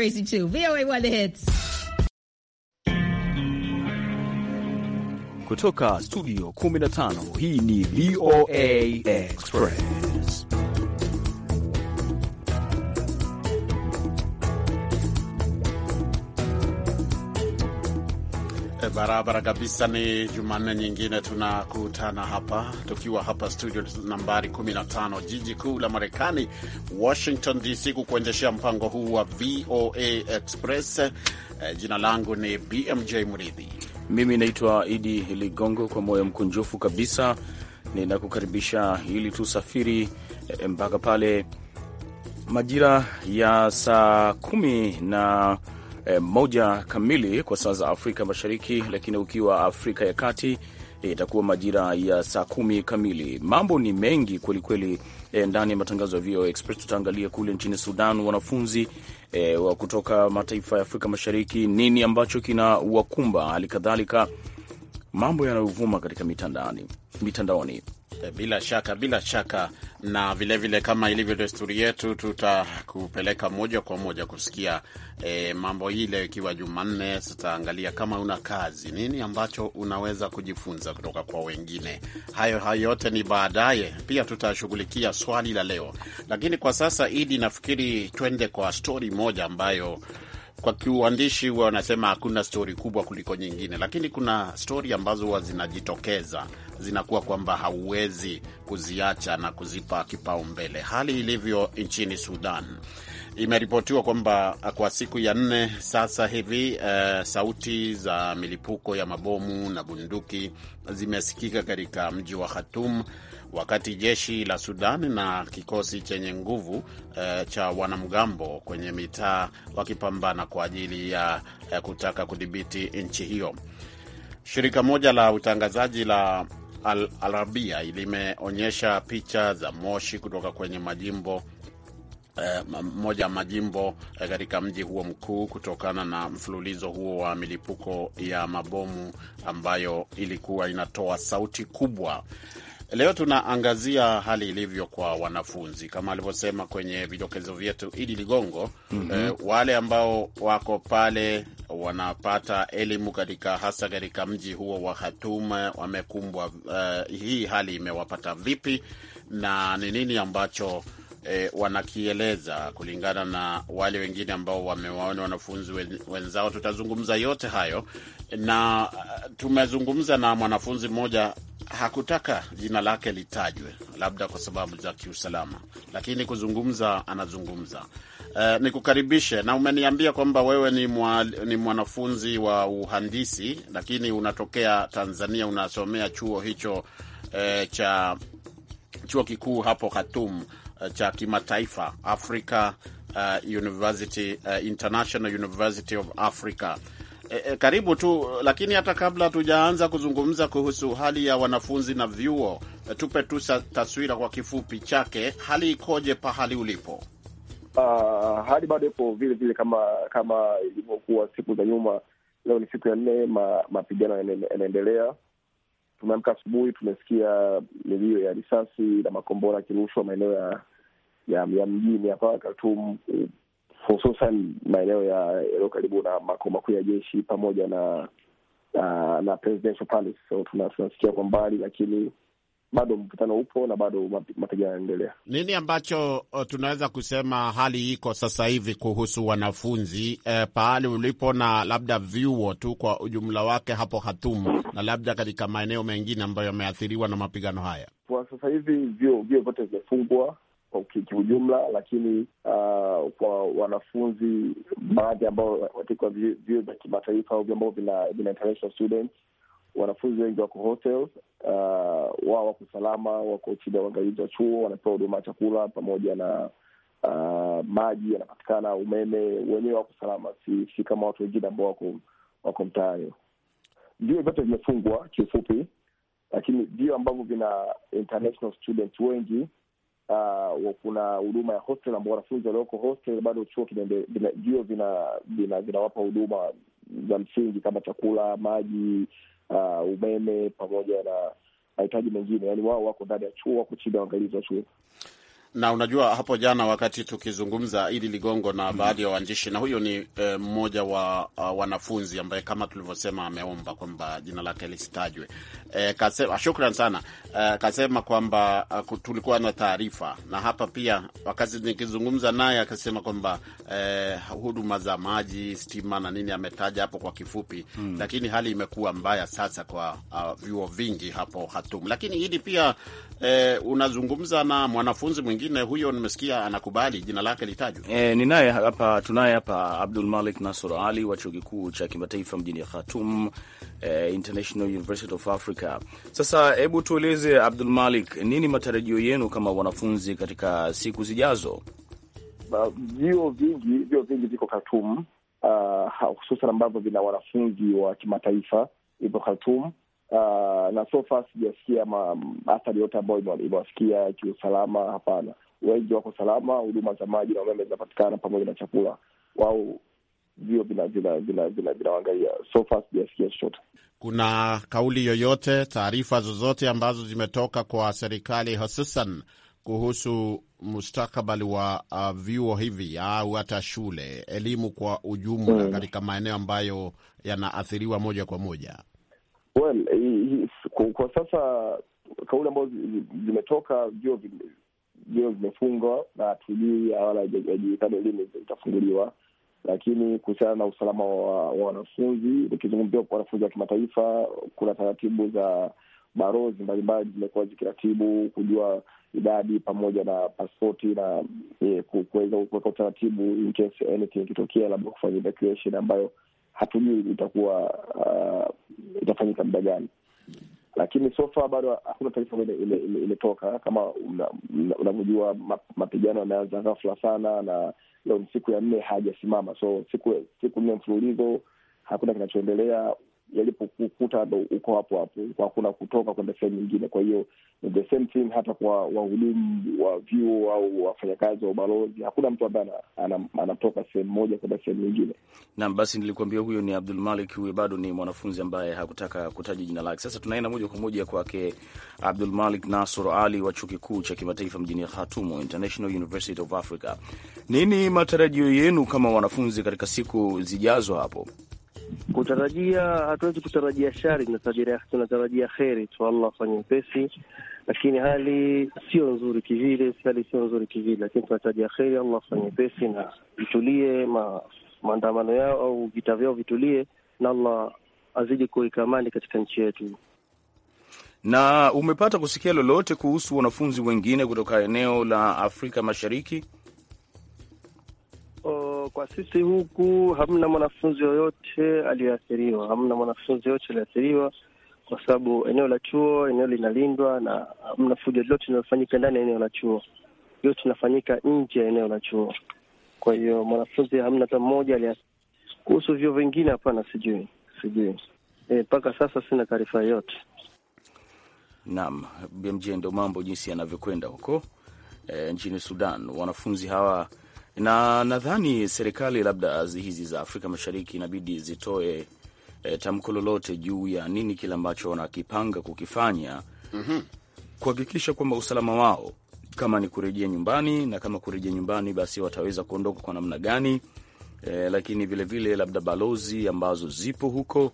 Crazy too. VOA One Hits. Kutoka studio 15 hii ni VOA Express. Barabara kabisa. Ni Jumanne nyingine tunakutana hapa tukiwa hapa studio nambari 15 jiji kuu la Marekani, Washington DC, kukuendeshea mpango huu wa VOA Express. Eh, jina langu ni BMJ Mridhi, mimi naitwa Idi Ligongo. Kwa moyo mkunjufu kabisa ninakukaribisha ili tusafiri eh, mpaka pale majira ya saa kumi na e, moja kamili kwa saa za Afrika Mashariki, lakini ukiwa Afrika ya Kati eh, itakuwa majira ya saa kumi kamili. Mambo ni mengi kwelikweli kweli, eh, ndani ya matangazo ya VOA Express. Tutaangalia kule nchini Sudan, wanafunzi e, wa kutoka mataifa ya Afrika Mashariki, nini ambacho kina wakumba, hali kadhalika mambo yanayovuma katika mitandaoni. Eh, bila shaka bila shaka, na vilevile vile, kama ilivyo desturi yetu, tutakupeleka moja kwa moja kusikia e, mambo ile. ikiwa Jumanne, tutaangalia kama una kazi, nini ambacho unaweza kujifunza kutoka kwa wengine. Hayo hayo yote ni baadaye, pia tutashughulikia swali la leo, lakini kwa sasa, Idi, nafikiri twende kwa stori moja ambayo kwa kiuandishi huwa wanasema hakuna stori kubwa kuliko nyingine, lakini kuna stori ambazo huwa zinajitokeza zinakuwa kwamba hauwezi kuziacha na kuzipa kipaumbele. Hali ilivyo nchini Sudan, imeripotiwa kwamba kwa siku ya nne sasa hivi e, sauti za milipuko ya mabomu na bunduki zimesikika katika mji wa Khartoum wakati jeshi la Sudan na kikosi chenye nguvu e, cha wanamgambo kwenye mitaa wakipambana kwa ajili ya e, kutaka kudhibiti nchi hiyo. Shirika moja la utangazaji la Al Arabia limeonyesha picha za moshi kutoka kwenye majimbo eh, mmoja moja ya majimbo katika mji huo mkuu kutokana na mfululizo huo wa milipuko ya mabomu ambayo ilikuwa inatoa sauti kubwa. Leo tunaangazia hali ilivyo kwa wanafunzi kama alivyosema kwenye vidokezo vyetu Idi Ligongo. mm -hmm. Eh, wale ambao wako pale wanapata elimu katika hasa katika mji huo wa Khartoum wamekumbwa, eh, hii hali imewapata vipi na ni nini ambacho eh, wanakieleza kulingana na wale wengine ambao wamewaona wanafunzi wenzao. Tutazungumza yote hayo na eh, tumezungumza na mwanafunzi mmoja hakutaka jina lake litajwe, labda kwa sababu za kiusalama, lakini kuzungumza anazungumza. Uh, nikukaribishe na umeniambia kwamba wewe ni, mwa, ni mwanafunzi wa uhandisi lakini unatokea Tanzania, unasomea chuo hicho uh, cha chuo kikuu hapo Khartoum uh, cha kimataifa Africa uh, University, uh, International University of Africa E, e, karibu tu lakini, hata kabla tujaanza kuzungumza kuhusu hali ya wanafunzi na vyuo, eh, tupe tu taswira kwa kifupi chake, hali ikoje pahali ulipo? Uh, hali bado ipo vile vile kama kama ilivyokuwa siku za nyuma. Leo ni siku ya nne, ma, mapigano yanaendelea. Tumeamka asubuhi, tumesikia milio ya risasi na makombora yakirushwa maeneo ya ya mjini hapa Khartoum, hususan maeneo yaliyo karibu na makao makuu ya jeshi pamoja na na, na Presidential Palace. So tunasikia kwa mbali, lakini bado mvutano upo na bado mapigano yanaendelea. Nini ambacho tunaweza kusema hali iko sasa hivi kuhusu wanafunzi e, pahali ulipo na labda vyuo tu kwa ujumla wake hapo Hatumu na labda katika maeneo mengine ambayo yameathiriwa na mapigano haya? Kwa sasa hivi vyuo vyote vimefungwa kiujumla, lakini uh, kwa wanafunzi baadhi ambao katika vyuo vya kimataifa au ambao vina international students, wanafunzi wengi wako hotels, uh, wao wako salama, wako chini ya uangalizi wa chuo, wanapewa huduma ya chakula pamoja na uh, maji yanapatikana, umeme wenyewe wako salama, si, si kama watu wengine ambao wako wako mtaani. vio vyote vimefungwa kiufupi, lakini vio ambavyo vina international students wengi uh, kuna huduma ya hostel ambao wanafunzi walioko hostel bado chuo vio vinawapa vina, vina huduma za msingi kama chakula, maji, uh, umeme pamoja na mahitaji mengine. yani wao wako ndani ya chuo, wako chini ya uangalizi wa chuo na unajua hapo jana wakati tukizungumza Idi Ligongo na mm-hmm. baadhi ya waandishi, na huyo ni e, mmoja wa a, uh, wanafunzi ambaye kama tulivyosema ameomba kwamba jina lake lisitajwe. E, kasema shukran sana e, kasema kwamba uh, tulikuwa na taarifa, na hapa pia wakati nikizungumza naye akasema kwamba e, huduma za maji, stima na nini ametaja hapo kwa kifupi hmm. Lakini hali imekuwa mbaya sasa kwa uh, vyuo vingi hapo Hatumu. Lakini Idi pia e, unazungumza na mwanafunzi mwingi mwingine huyo nimesikia anakubali jina lake litajwa. E, eh, ninaye hapa, tunaye hapa Abdul Malik Nasur Ali wa chuo kikuu cha kimataifa mjini Khartoum, e, International University of Africa. Sasa hebu tueleze Abdul Malik, nini matarajio yenu kama wanafunzi katika siku zijazo? Vio vingi vio vingi viko Khartoum, uh, hususan ambavyo vina wanafunzi wa kimataifa ipo Khartoum uh, na sofa sijasikia athari yote ambayo imewafikia kiusalama. Hapana, wengi wako salama, huduma za maji na umeme zinapatikana pamoja na chakula wao vio vinawangalia Sofa sijasikia chochote. Kuna kauli yoyote, taarifa zozote ambazo zimetoka kwa serikali hususan kuhusu mustakabali wa uh, vyuo hivi au hata shule, elimu kwa ujumla hmm. katika mm, maeneo ambayo yanaathiriwa moja kwa moja? Well, kwa sasa kauli ambazo zimetoka, vio vimefungwa na hatujui awala haijulikani lini itafunguliwa, lakini kuhusiana na usalama wa wanafunzi, nikizungumzia wanafunzi wa kimataifa, kuna taratibu za barozi mbalimbali zimekuwa zikiratibu kujua idadi pamoja na paspoti na eh, kuweza kuweka utaratibu in case anything ikitokea, labda kufanya evacuation ambayo hatujui itakuwa uh, itafanyika muda gani, lakini sofa bado hakuna taarifa imetoka. Kama unavyojua, una, mapigano yameanza ghafla sana, na leo ni siku ya nne hajasimama, so siku siku nne mfululizo hakuna kinachoendelea yalipokukuta uko hapo hapo, hakuna kutoka kwenda sehemu nyingine. Kwa hiyo the same thing hata kwa wahudumu wa vyuo au wafanyakazi wa ubalozi, hakuna mtu ambaye anatoka sehemu moja kwenda sehemu nyingine. Naam, basi nilikuambia huyo ni Abdul Malik, huyo bado ni mwanafunzi ambaye hakutaka kutaja jina lake. Sasa tunaenda moja kwa moja kwake Abdul Malik Nasur Ali wa chuo kikuu cha kimataifa mjini Khartoum, International University of Africa. Nini matarajio yenu kama wanafunzi katika siku zijazo hapo? Kutarajia, hatuwezi kutarajia shari, tunatarajia kheri tu, Allah afanye upesi, lakini hali sio nzuri kivile, hali sio nzuri kivile, lakini tunatarajia kheri, Allah afanye upesi na vitulie ma, maandamano yao au vita vyao vitulie, na Allah azidi kuweka amani katika nchi yetu. Na umepata kusikia lolote kuhusu wanafunzi wengine kutoka eneo la Afrika Mashariki? kwa sisi huku hamna mwanafunzi yoyote aliyoathiriwa, hamna mwanafunzi yoyote aliyoathiriwa kwa sababu eneo la chuo, eneo linalindwa na hamna fujo lolote linalofanyika ndani ya eneo la chuo, yote inafanyika nje ya eneo la chuo. Kwa hiyo mwanafunzi hamna hata mmoja alias. Kuhusu vyuo vingine, hapana, sijui sijui e, mpaka e, sasa sina taarifa yoyote. Naam, BMJ, ndio mambo jinsi yanavyokwenda huko e, nchini Sudan. Wanafunzi hawa na nadhani serikali labda hizi za Afrika Mashariki inabidi zitoe e, tamko lolote juu ya nini kile ambacho wanakipanga kukifanya mm -hmm. kuhakikisha kwamba usalama wao kama ni kurejea nyumbani, na kama kurejea nyumbani basi wataweza kuondoka kwa namna gani e, lakini vilevile labda balozi ambazo zipo huko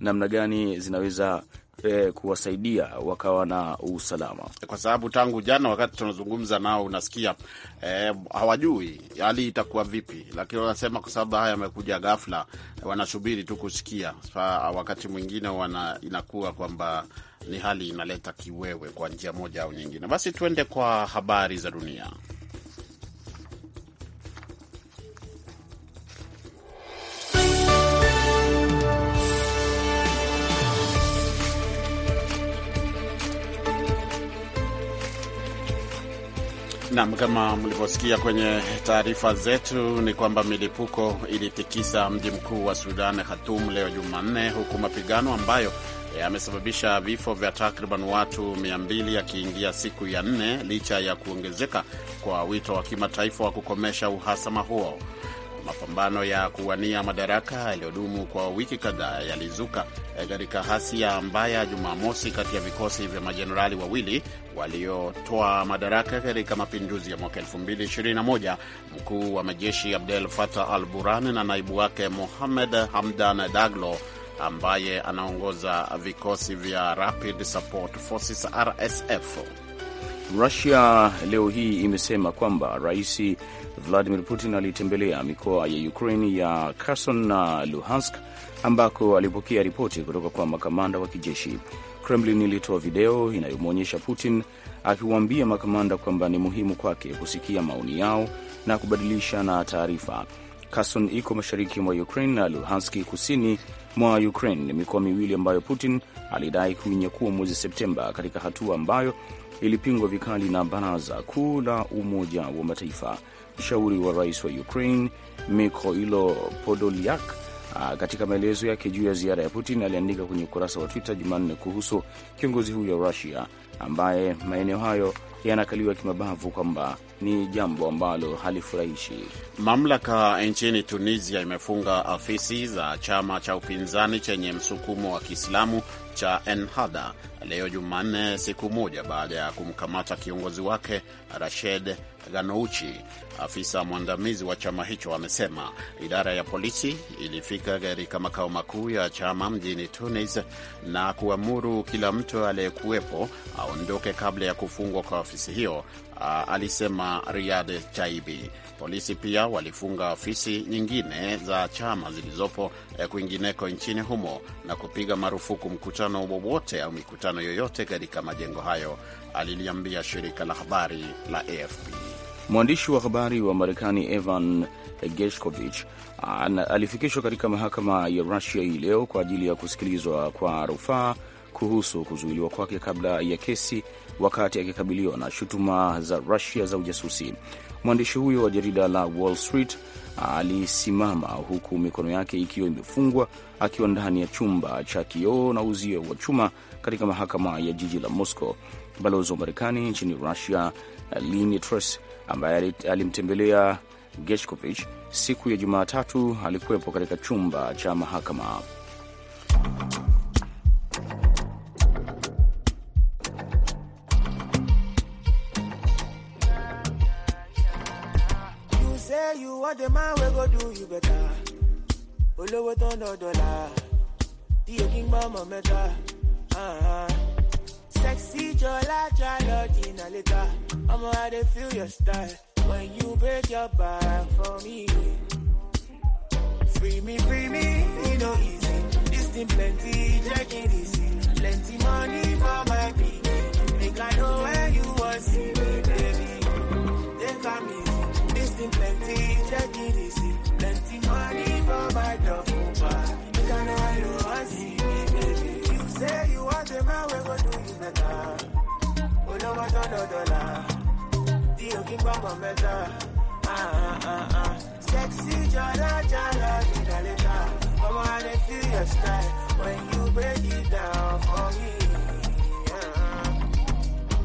namna gani zinaweza E, kuwasaidia wakawa na usalama, kwa sababu tangu jana wakati tunazungumza nao unasikia e, hawajui hali itakuwa vipi, lakini wanasema kwa sababu haya yamekuja ghafla, wanasubiri tu kusikia. Wakati mwingine wana, inakuwa kwamba ni hali inaleta kiwewe kwa njia moja au nyingine. Basi tuende kwa habari za dunia. Nam, kama mlivyosikia kwenye taarifa zetu ni kwamba milipuko ilitikisa mji mkuu wa Sudan, Khartoum, leo Jumanne, huku mapigano ambayo yamesababisha vifo vya takriban watu 200 yakiingia siku ya nne licha ya kuongezeka kwa wito wa kimataifa wa kukomesha uhasama huo. Mapambano ya kuwania madaraka yaliyodumu kwa wiki kadhaa yalizuka eh, katika hasia mbaya Jumamosi kati ya vikosi vya majenerali wawili waliotoa madaraka katika mapinduzi ya mwaka 2021, mkuu wa majeshi Abdel Fattah al Burhan na naibu wake Mohamed Hamdan Daglo ambaye anaongoza vikosi vya Rapid Support Forces RSF. Rusia leo hii imesema kwamba Rais Vladimir Putin alitembelea mikoa ya Ukraine ya Kherson na Luhansk ambako alipokea ripoti kutoka kwa makamanda wa kijeshi. Kremlin ilitoa video inayomwonyesha Putin akiwaambia makamanda kwamba ni muhimu kwake kusikia maoni yao na kubadilishana taarifa. Kherson iko mashariki mwa Ukraine na Luhanski kusini mwa Ukraine ni mikoa miwili ambayo Putin alidai kuinyakua mwezi Septemba, katika hatua ambayo ilipingwa vikali na Baraza Kuu la Umoja wa Mataifa. Mshauri wa rais wa Ukraine Mykhailo Podolyak ah, katika maelezo yake juu ya ziara ya Putin aliandika kwenye ukurasa wa Twitter Jumanne kuhusu kiongozi huyo wa Rusia ambaye maeneo hayo yanakaliwa kimabavu, kwamba ni jambo ambalo halifurahishi. Mamlaka nchini Tunisia imefunga afisi za chama cha upinzani chenye msukumo wa Kiislamu cha Ennahda leo Jumanne, siku moja baada ya kumkamata kiongozi wake Rashed Ganouchi. Afisa mwandamizi wa chama hicho amesema idara ya polisi ilifika katika makao makuu ya chama mjini Tunis na kuamuru kila mtu aliyekuwepo aondoke kabla ya kufungwa kwa ofisi hiyo, alisema Riyad Chaibi. Polisi pia walifunga ofisi nyingine za chama zilizopo e, kwingineko nchini humo na kupiga marufuku mkutano wowote au mikutano mapigano yoyote katika majengo hayo, aliliambia shirika la habari la AFP. Mwandishi wa habari wa Marekani Evan geshkovich alifikishwa katika mahakama ya Rusia hii leo kwa ajili ya kusikilizwa kwa rufaa kuhusu kuzuiliwa kwake kabla ya kesi, wakati akikabiliwa na shutuma za Rusia za ujasusi. Mwandishi huyo wa jarida la Wall Street alisimama huku mikono yake ikiwa imefungwa akiwa ndani ya chumba cha kioo na uzio wa chuma katika mahakama ya jiji la Moscow. Balozi wa Marekani nchini Russia Lynn Truss ambaye alimtembelea gechkovich siku ya Jumatatu alikuwepo katika chumba cha mahakama. You I'ma ride and feel your style when you break your back for me. Free me, free me, it no easy. This thing plenty, check it easy. Plenty money for my people. Make I know where you want see me, baby. They a easy. This thing plenty, check it easy. Plenty money for my duffel oh, Make I know where you want see me, baby. You say you want the man, we gon' do you better. Oh no, what no dollar ukimbamba meza ah, ah, ah, ah. Sexy jala jala jidaleta Mama I dey feel your style When you break it down for me uh, uh.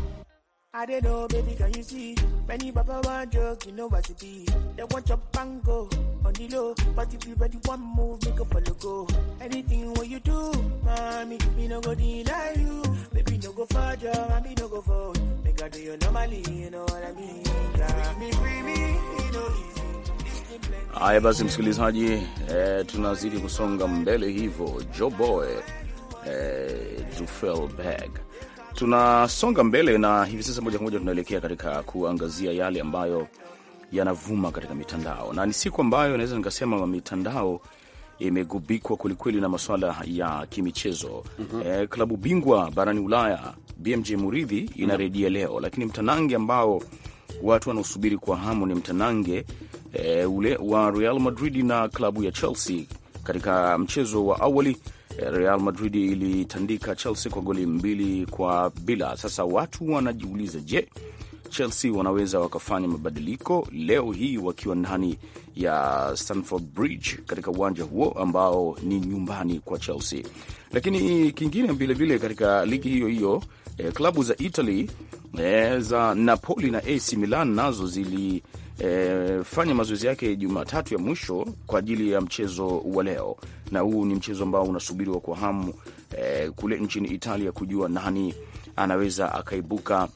I don't know, baby, can you see? Many baba want joke, you know what it be. They want your pango on the low, but if you ready one move, make a follow go. Anything what you do, mommy, me no go deny you. Baby, no go for job, and me no go for Make I do you normally, you know what I mean. Free me, free me, you know easy. Haya basi, msikilizaji, e, tunazidi kusonga mbele hivyo. Joboy eh, Zufelberg tunasonga mbele na hivi sasa, moja kwa moja tunaelekea katika kuangazia yale ambayo yanavuma katika mitandao, na ni siku ambayo naweza nikasema mitandao imegubikwa kwelikweli na masuala ya kimichezo mm -hmm. E, klabu bingwa barani Ulaya BMJ Muridhi -hmm. leo, lakini mtanange ambao watu wanaosubiri kwa hamu ni mtanange e, ule wa Real Madrid na klabu ya Chelsea. Katika mchezo wa awali eh, Real Madrid ilitandika Chelsea kwa goli mbili kwa bila. Sasa watu wanajiuliza, je, Chelsea wanaweza wakafanya mabadiliko leo hii wakiwa ndani ya Stamford Bridge katika uwanja huo ambao ni nyumbani kwa Chelsea. Lakini kingine vilevile katika ligi hiyo hiyo eh, klabu za Italy eh, za Napoli na AC Milan nazo zili E, fanya mazoezi yake Jumatatu ya mwisho kwa ajili ya mchezo wa leo, na huu ni mchezo ambao unasubiriwa kwa hamu e, kule nchini Italia kujua nani anaweza akaibuka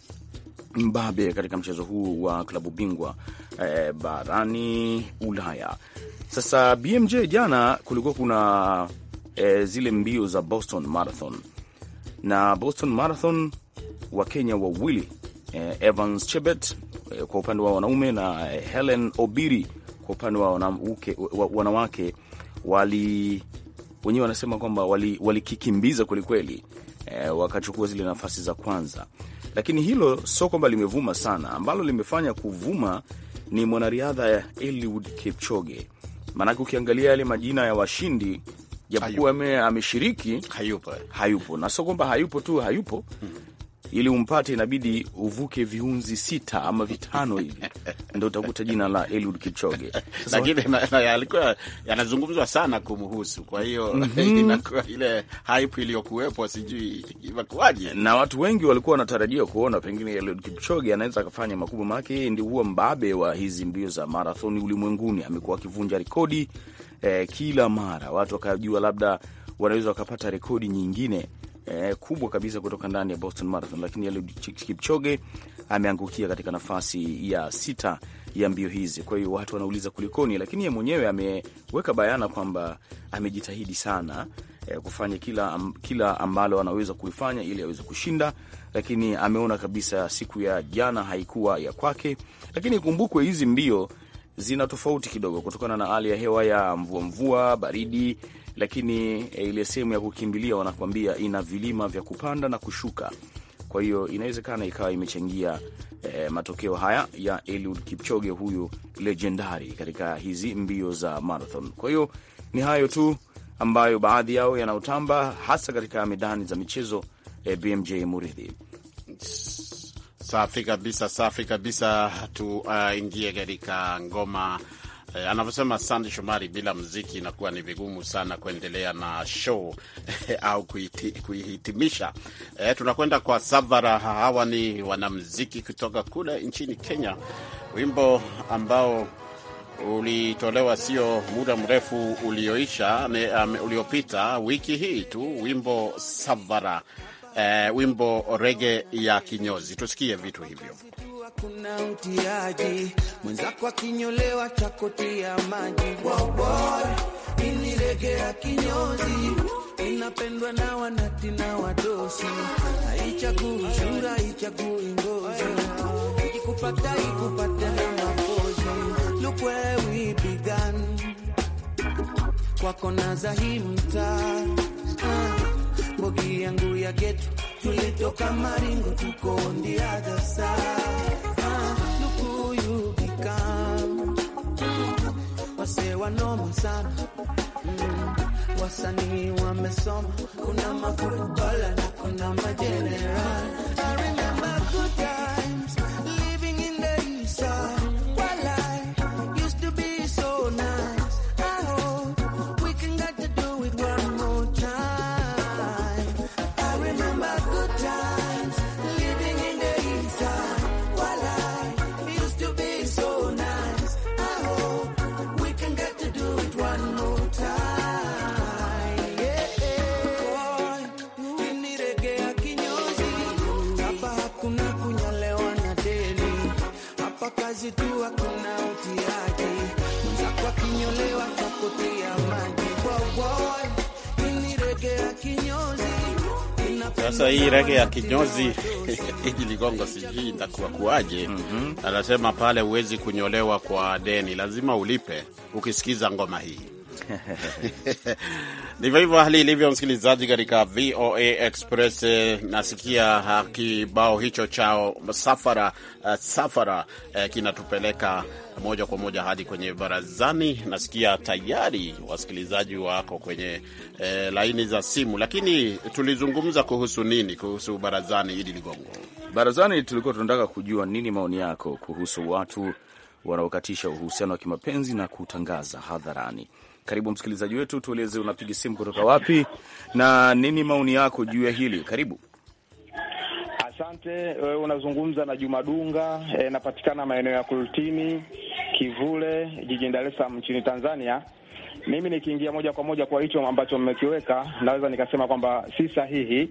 mbabe katika mchezo huu wa klabu bingwa eh, barani Ulaya. Sasa BMJ, jana kulikuwa kuna eh, zile mbio za Boston Marathon na Boston Marathon wa Kenya wawili eh, Evans Chebet eh, kwa upande wa wanaume na eh, Helen Obiri kwa upande wa wanawake, wanawake wali wenyewe wanasema kwamba walikikimbiza wali kwelikweli eh, wakachukua zile nafasi za kwanza lakini hilo sio kwamba limevuma sana. Ambalo limefanya kuvuma ni mwanariadha ya Eliud Kipchoge, maanake ukiangalia yale majina ya washindi japokuwa ameshiriki hayupo, hayupo na sio kwamba hayupo tu, hayupo -hmm ili umpate inabidi uvuke viunzi sita ama vitano hivi ndo utakuta jina la Eliud Kipchoge. Lakini yalikuwa yanazungumzwa sana kumhusu, kwa hiyo mm -hmm. inakuwa ile hype iliyokuwepo, sijui imekuwaje, na watu wengi walikuwa wanatarajia kuona pengine Eliud Kipchoge anaweza akafanya makubwa, maanake yeye ndi huwa mbabe wa hizi mbio za marathoni ulimwenguni, amekuwa akivunja rekodi eh, kila mara, watu wakajua labda wanaweza wakapata rekodi nyingine eh, kubwa kabisa kutoka ndani ya Boston Marathon, lakini Eliud Kipchoge ameangukia katika nafasi ya sita ya mbio hizi. Kwa hiyo watu wanauliza kulikoni, lakini yeye mwenyewe ameweka bayana kwamba amejitahidi sana eh, kufanya kila, am, kila ambalo anaweza kuifanya ili aweze kushinda, lakini ameona kabisa siku ya jana haikuwa ya kwake. Lakini ikumbukwe hizi mbio zina tofauti kidogo kutokana na hali ya hewa ya mvua mvua, baridi lakini eh, ile sehemu ya kukimbilia wanakuambia ina vilima vya kupanda na kushuka. Kwa hiyo inawezekana ikawa imechangia e, matokeo haya ya Eliud Kipchoge, huyu legendari katika hizi mbio za marathon. Kwa hiyo ni hayo tu ambayo baadhi yao yanaotamba hasa katika medani za michezo. e, eh, BMJ Muridhi. Safi kabisa, safi kabisa. Tuingie uh, katika ngoma E, anavyosema Sandi Shomari, bila mziki inakuwa ni vigumu sana kuendelea na show au kuihitimisha. E, tunakwenda kwa Savara. Hawa ni wanamziki kutoka kule nchini Kenya, wimbo ambao ulitolewa sio muda mrefu ulioisha, um, uliopita wiki hii tu, wimbo Savara, e, wimbo rege ya kinyozi. Tusikie vitu hivyo kuna utiaji mwenzako akinyolewa chakotia maji ya kinyozi inapendwa na wanati na wadosi haichagui sura haichagui ngozi ikikupata ikupata na where we began kwako na zahimta mbogi ah, yangu ya getu tulitoka Maringo, tuko on the other side. Ah, Look who you become. Wase wanoma sana mm, Wasanii wamesoma, kuna mafutbola na kuna majenerali. I remember good Sasa hii rege ya kinyozi hiji ligongo, sijui itakuwa kuaje? mm -hmm. Anasema pale huwezi kunyolewa kwa deni, lazima ulipe ukisikiza ngoma hii. Ndivyo hivyo hali ilivyo, msikilizaji, katika VOA Express. Eh, nasikia kibao hicho chao safara, uh, safara uh, kinatupeleka moja kwa moja hadi kwenye barazani. Nasikia tayari wasikilizaji wako kwenye uh, laini za simu, lakini tulizungumza kuhusu nini? Kuhusu barazani, Idi Ligongo. Barazani tulikuwa tunataka kujua nini maoni yako kuhusu watu wanaokatisha uhusiano wa kimapenzi na kutangaza hadharani. Karibu msikilizaji wetu, tueleze unapiga simu kutoka wapi na nini maoni yako juu ya hili. Karibu. Asante. wewe Unazungumza na jumadunga E, eh, napatikana maeneo ya Kurutini Kivule, jijini Dar es Salaam nchini Tanzania. Mimi nikiingia moja kwa moja kwa hicho ambacho mmekiweka, naweza nikasema kwamba si sahihi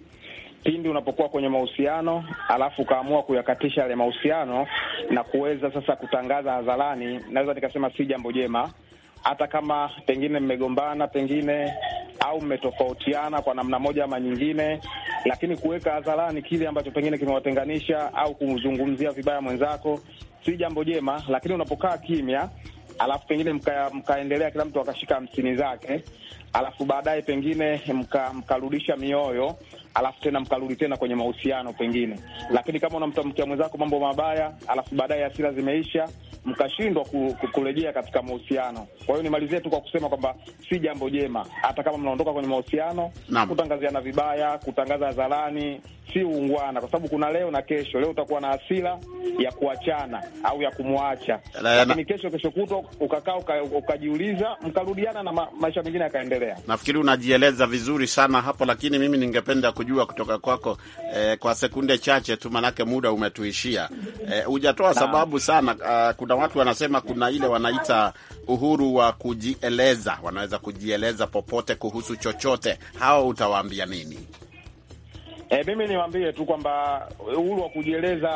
pindi unapokuwa kwenye mahusiano alafu ukaamua kuyakatisha yale mahusiano na kuweza sasa kutangaza hadharani, naweza nikasema si jambo jema hata kama pengine mmegombana, pengine au mmetofautiana kwa namna moja ama nyingine, lakini kuweka hadharani kile ambacho pengine kimewatenganisha au kumzungumzia vibaya mwenzako si jambo jema. Lakini unapokaa kimya, alafu pengine mka, kila mtu akashika hamsini zake, alafu baadaye pengine mka, mkarudisha mioyo, alafu tena mkarudi tena kwenye mahusiano pengine. Lakini kama unamtamkia mwenzako mambo mabaya, alafu baadaye hasira zimeisha mkashindwa kurejea katika mahusiano. Kwa hiyo nimalizie tu kwa kusema kwamba si jambo jema, hata kama mnaondoka kwenye mahusiano, kutangaziana vibaya, kutangaza hadharani si uungwana, kwa sababu kuna leo na kesho. Leo utakuwa na hasira ya kuachana au ya kumwacha, lakini kesho, kesho kutwa ukakaa ukajiuliza, mkarudiana na ma, maisha mengine yakaendelea. Nafikiri unajieleza vizuri sana hapo, lakini mimi ningependa kujua kutoka kwako eh, kwa sekunde chache tu, manake muda umetuishia. Eh, hujatoa eh, sababu sana. Uh, kuna watu wanasema kuna ile wanaita uhuru wa kujieleza, wanaweza kujieleza popote kuhusu chochote. Hao utawaambia nini? E, mimi niwaambie tu kwamba eh, uhuru wa kujieleza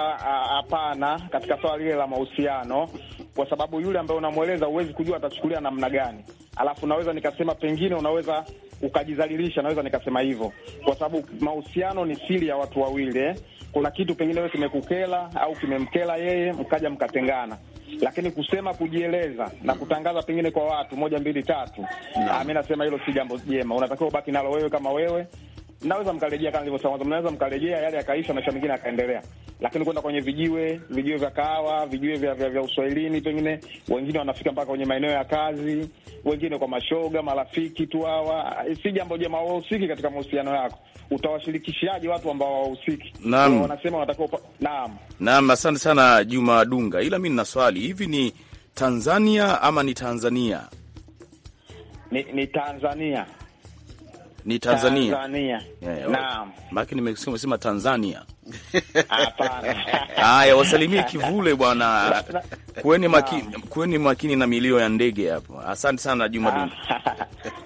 hapana, katika swala lile la mahusiano, kwa sababu yule ambaye unamweleza huwezi kujua atachukulia namna gani. Alafu naweza nikasema pengine unaweza ukajizalilisha, naweza nikasema hivyo, kwa sababu mahusiano ni siri ya watu wawili. Eh. Kuna kitu pengine wewe kimekukela au kimemkela yeye, mkaja mkatengana lakini kusema kujieleza na kutangaza pengine kwa watu moja mbili tatu, ah, mi nasema hilo si jambo jema. Unatakiwa ubaki nalo wewe kama wewe, mnaweza mkarejea kama nilivyosema, mnaweza mkarejea yale yakaisha, maisha mengine yakaendelea. Lakini kwenda kwenye vijiwe, vijiwe vya kahawa, vijiwe vya, vya, vya uswahilini, pengine wengine wanafika mpaka kwenye maeneo ya kazi, wengine kwa mashoga, marafiki tu hawa, si jambo jema. Wahusiki katika mahusiano yako, utawashirikishaje watu ambao wahusiki? Naam, wanasema wanatakiwa. Naam, naam, asante sana Juma Dunga, ila mi nina swali, hivi ni Tanzania ama ni Tanzania? Ni, ni Tanzania ni Tanzania, Tanzania. Yeah, naam, nimesema Tanzania. Hapana. Haya, wasalimie kivule bwana, kuweni makini, kuweni makini na milio ya ndege hapo. Asante sana Juma Duni.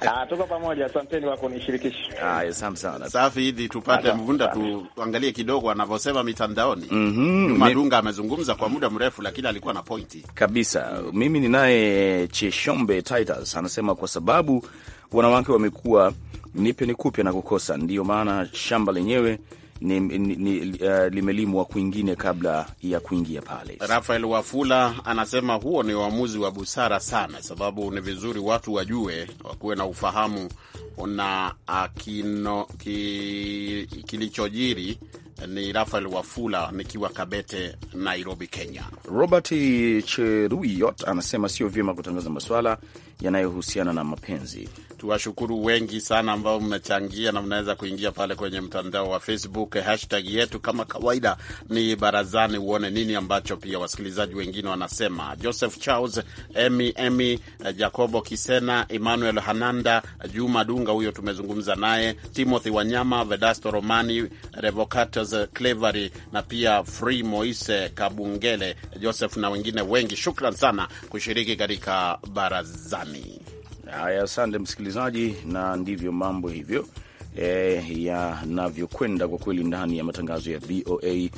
Ah, tuko pamoja, asanteni kwa kunishirikisha. Haya, asante sana. Safi hidi tupate mvunda, tuangalie kidogo anavyosema mitandaoni. Mm-hmm. Juma Dunga amezungumza kwa muda mrefu, lakini alikuwa na pointi kabisa. Mimi ninaye Cheshombe Titus anasema kwa sababu wanawake wamekuwa nipe nikupe na kukosa, ndiyo maana shamba lenyewe ni, ni, ni, uh, limelimwa kwingine kabla ya kuingia pale. Rafael Wafula anasema huo ni uamuzi wa busara sana, sababu ni vizuri watu wajue, wakuwe na ufahamu na akino, ki, kilichojiri ni Rafael Wafula nikiwa Kabete, Nairobi, Kenya. Robert Cheruiyot anasema sio vyema kutangaza masuala yanayohusiana na mapenzi tuwashukuru wengi sana ambao mmechangia na mnaweza kuingia pale kwenye mtandao wa Facebook. Hashtag yetu kama kawaida ni barazani, uone nini ambacho pia wasikilizaji wengine wanasema. Joseph Charles, Emi Emi, Jacobo Kisena, Emmanuel Hananda, Juma Dunga, huyo tumezungumza naye, Timothy Wanyama, Vedasto Romani, Revocatus Clevery na pia Free Moise Kabungele, Joseph na wengine wengi. Shukran sana kushiriki katika barazani. Haya, asante msikilizaji, na ndivyo mambo hivyo e, yanavyokwenda kwa kweli ndani ya matangazo ya VOA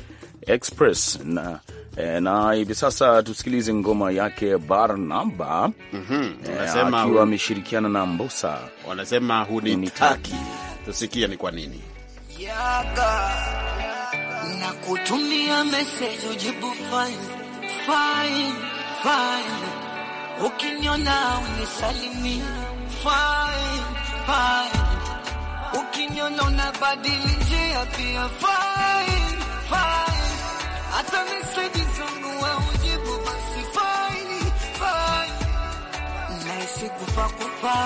Express na eh, na hivi sasa tusikilize ngoma yake Barnaba mm -hmm. E, akiwa ameshirikiana na Mbosa wanasema hunitaki. Tusikie ni kwa nini yaka ujibu fine, fine, fine. Ukiniona unisalimie fine, fine. Ukiniona unabadili njia pia fine, fine. Hata meseji zangu wa ujibu basi fine, fine. Naisi kufa kufa,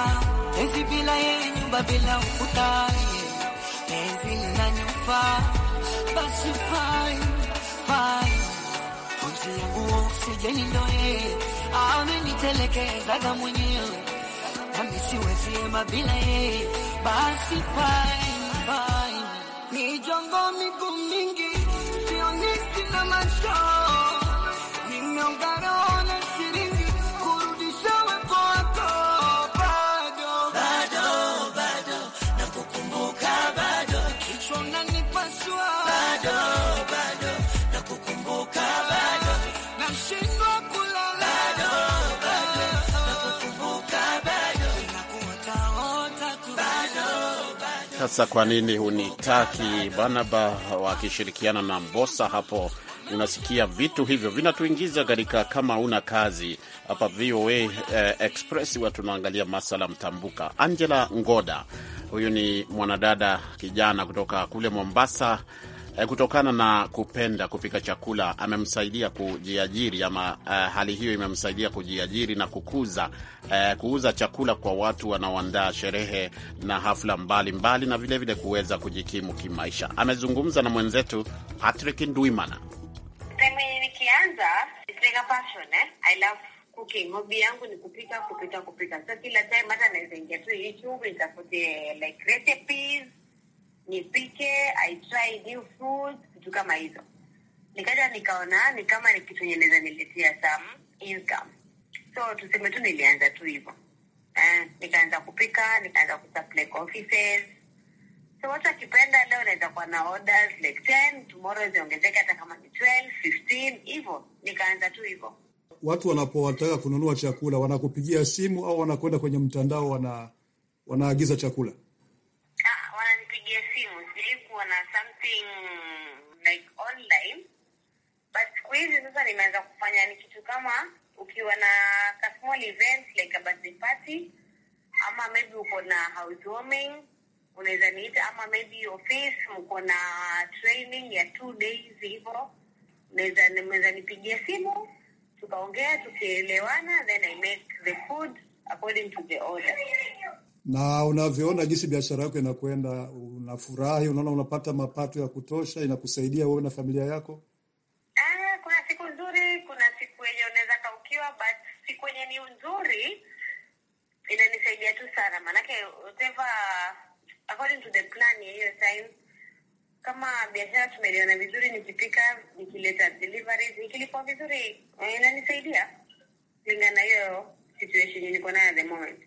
penzi bila yeye, nyumba bila ukuta, penzi linaniufa basi fine, fine. mgeni ndoye amenitelekeza ga mwenyewe nami bila yeye, basi fine fine, miguu mingi sioni sina macho Sasa kwa nini hunitaki Banaba wakishirikiana na Mbosa hapo. Unasikia vitu hivyo vinatuingiza katika kama una kazi hapa VOA eh, Express wa tunaangalia masala mtambuka. Angela Ngoda huyu ni mwanadada kijana kutoka kule Mombasa Eh, kutokana na kupenda kupika chakula amemsaidia kujiajiri ama eh, hali hiyo imemsaidia kujiajiri na kukuza eh, kuuza chakula kwa watu wanaoandaa sherehe na hafla mbalimbali mbali, na vilevile kuweza kujikimu kimaisha. Amezungumza na mwenzetu Patrick Ndwimana. Eh? Okay, hobi yangu ni kupika kupika kupika, so kila time hata naweza ingia tu YouTube nitafute like recipes nipike, I try new food, vitu kama hizo. Nikaja nikaona ni kama ni kitu yenye naweza niletea some income, so tuseme tu nilianza tu hivyo. Eh, nikaanza kupika, nikaanza kusupply offices So watu akipenda leo naweza kuwa na orders like 10, tomorrow ziongezeke hata kama ni 12, 15 hivyo. Nikaanza tu hivyo. Watu wanapowataka kununua chakula wanakupigia simu au wanakwenda kwenye mtandao wana wanaagiza chakula? something like online but siku hizi sasa nimeanza kufanya ni kitu kama ukiwa na ka small event like a birthday party ama maybe uko na housewarming unaweza niita, ama maybe office uko na training ya two days hivo naweza nipigia simu tukaongea tukielewana, then I make the food according to the order na unavyoona jinsi biashara yako inakwenda, unafurahi, unaona unapata mapato ya kutosha, inakusaidia wewe na familia yako. Eh, kuna siku nzuri, kuna siku yenye unaweza kaukiwa, but siku yenye ni nzuri inanisaidia tu sana, maanake whatever according to the plan ya hiyo time. Kama biashara tumeliona vizuri, nikipika, nikileta deliveries, nikilipwa vizuri, eh, inanisaidia kulingana hiyo situation niko nayo at the moment.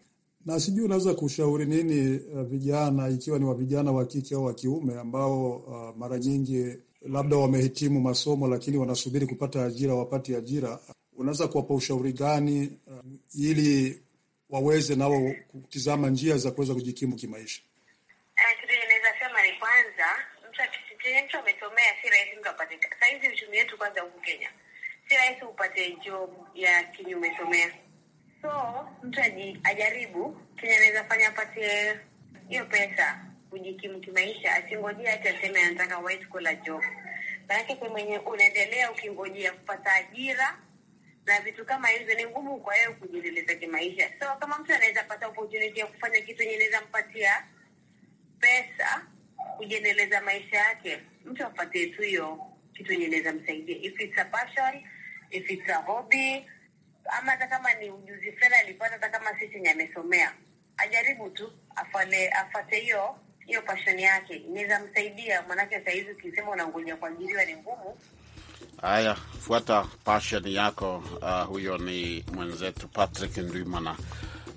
Na sijui unaweza kushauri nini uh, vijana ikiwa ni wa vijana wa kike au wa kiume ambao uh, mara nyingi labda wamehitimu masomo lakini wanasubiri kupata ajira, wapati ajira, unaweza kuwapa ushauri gani uh, ili waweze nao kutizama njia za kuweza kujikimu kimaisha? Kitu inaweza sema ni kwanza, mtu mtu amesomea, si rahisi mtu apate. uchumi wetu kwanza huku Kenya si rahisi upate job ya So mtu ajaribu kenye anaweza fanya apate hiyo pesa kujikimu kimaisha, asingojia hati aseme anataka white collar job, maanake kwa mwenye unaendelea ukingojia kupata ajira na vitu kama hizo, ni ngumu kwa yeye kujiendeleza kimaisha. So kama mtu anaweza pata opportunity ya kufanya kitu yenye inaweza mpatia pesa kujiendeleza maisha yake, mtu apatie tu hiyo kitu yenye inaweza msaidia, if it's a passion, if it's a hobby ama hata kama ni ujuzi fela alipata, hata kama sisi chenye amesomea, ajaribu tu afale, afate hiyo hiyo pashoni yake, inaweza msaidia. Maanake sahizi ukisema unangoja kuajiriwa ni ngumu. Haya, fuata pashoni yako. Uh, huyo ni mwenzetu Patrick Ndwimana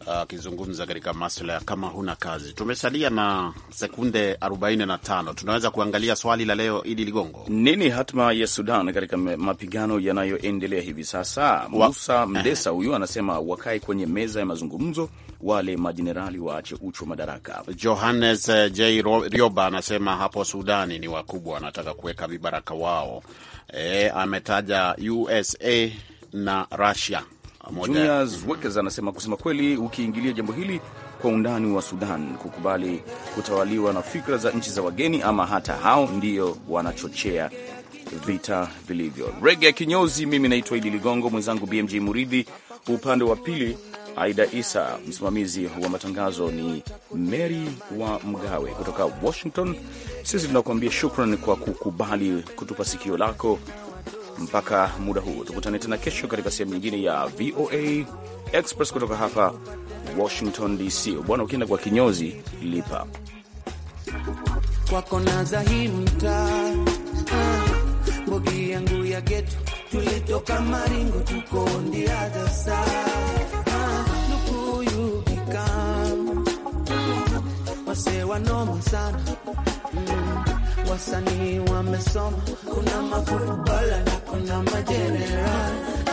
akizungumza uh, katika maswala ya kama huna kazi. Tumesalia na sekunde 45, tunaweza kuangalia swali la leo. Idi Ligongo, nini hatma ya Sudan katika mapigano yanayoendelea hivi sasa? Musa Mdesa huyu anasema wakae kwenye meza ya mazungumzo, wale majenerali waache uchwa madaraka. Johannes eh, J Rioba anasema hapo Sudani ni wakubwa, wanataka kuweka vibaraka wao. E, ametaja USA na Russia Junius Wekes anasema kusema kweli, ukiingilia jambo hili kwa undani wa Sudan kukubali kutawaliwa na fikra za nchi za wageni ama hata hao ndio wanachochea vita vilivyo. Rege ya kinyozi. Mimi naitwa Idi Ligongo, mwenzangu BMJ Muridhi, upande wa pili Aida Isa, msimamizi wa matangazo ni Mary wa Mgawe kutoka Washington. Sisi tunakuambia shukran kwa kukubali kutupa sikio lako mpaka muda huu. Tukutane tena kesho katika sehemu nyingine ya VOA Express kutoka hapa Washington DC. Bwana, ukienda kwa kinyozi lipa kwako naza hii ah, bogi yangu ya getu tulitoka maringo tuko ndiaga saa nukuyu sana mm wasanii wamesoma, kuna makurubala na kuna majenerali